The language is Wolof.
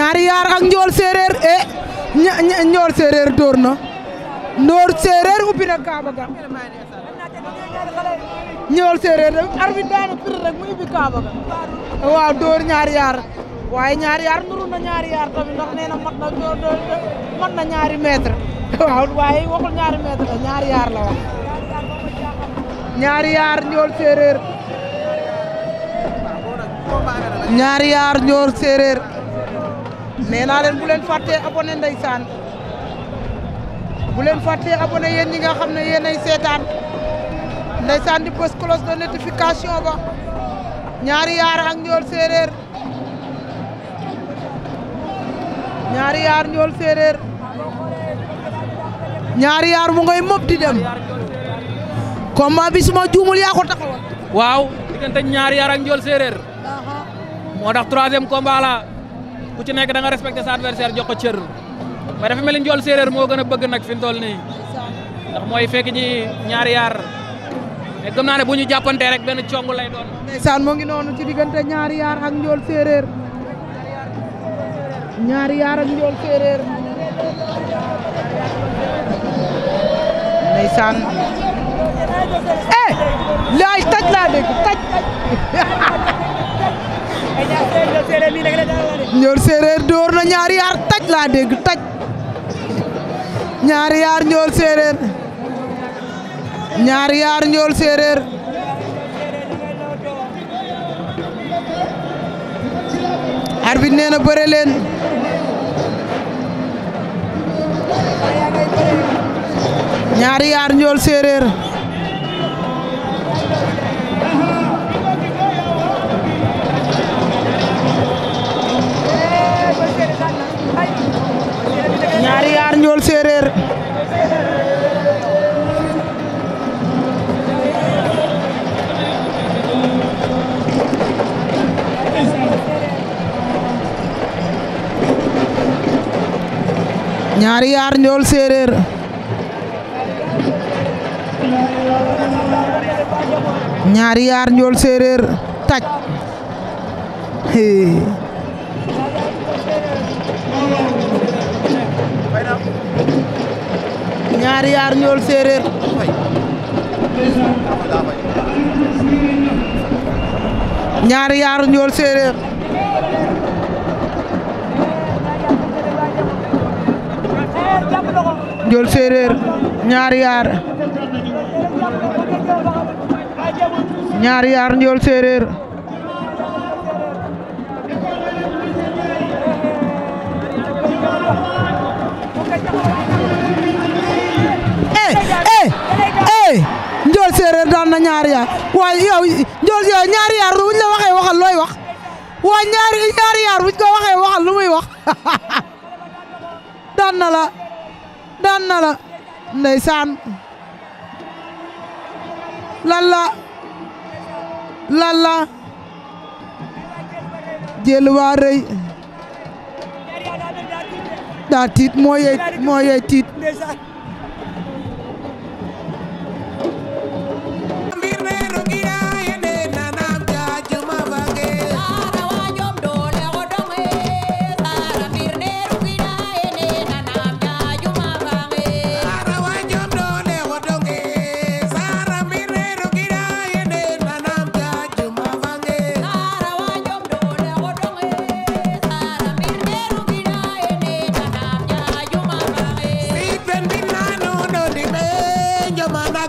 ñaari yaar ak njool séeréer e njool séeréer door na njool séeréer ubbi na kaaba ga njool séeréer arbitre daana firi rek mu ubbi kaaba ga waaw door ñaari yaar waaye ñaari yaar nuru na ñaari yaar tamit na mat na door door mat na ñaari mètre waaw waaye waxul ñaari mètre la ñaari yaar la wax nee naa leen bu leen fàttee abonné ndeysaan bu leen fàttee abonné nga xam ne yéenay seetaan ndeysaan di bës cloche de notification ba ñaari yaar ak njool séeréer ñaari yaar njool séeréer ñaari yaar mu ngay mëb di dem combat bi suma juumul yaa ko taxawal waaw diggante ñaari yaar ak njool séeréer moo tax troisième combat la ku ci nekk da nga respecté sa adversaire jox ko cër mais dafa mel ni njool séeréer moo gën a bëgg nag fi mu toll nii ndax mooy fekk ji ñaari yaar mais gëm naa ne bu ñu jàppantee rek benn cong lay doon. ndeysaan moo ngi noonu ci diggante ñaari yaar ak njool séeréer ñaari yaar ak njool séeréer ndeysaan eh laay taj laa dégg taj Ndiol Séeréer door na ñaari yaar taj laa dégg taj ñaari yaar Ndiol Séeréer ñaari yaar Ndiol Séeréer ar bi na bëre leen ñaari yaar Ndiol Séeréer ñaari yaar njool séeréer ñaari yaar njool séeréer taj ñaari yaar njool séeréer Ndiol Séeréer ñaari yaar ñaari yaar Ndiol Séeréer eh eh eh Ndiol Séeréer daan na ñaari yaar waaye yow Ndiol yow ñaari yaar lu ñu la waxee waxal looy wax waaye ñaari ñaari yaar buñ ko waxee waxal lu muy wax daan na la daan na la ndeysaan lalla lalla jël waa rëy daa moo yey moo yey tiit jamono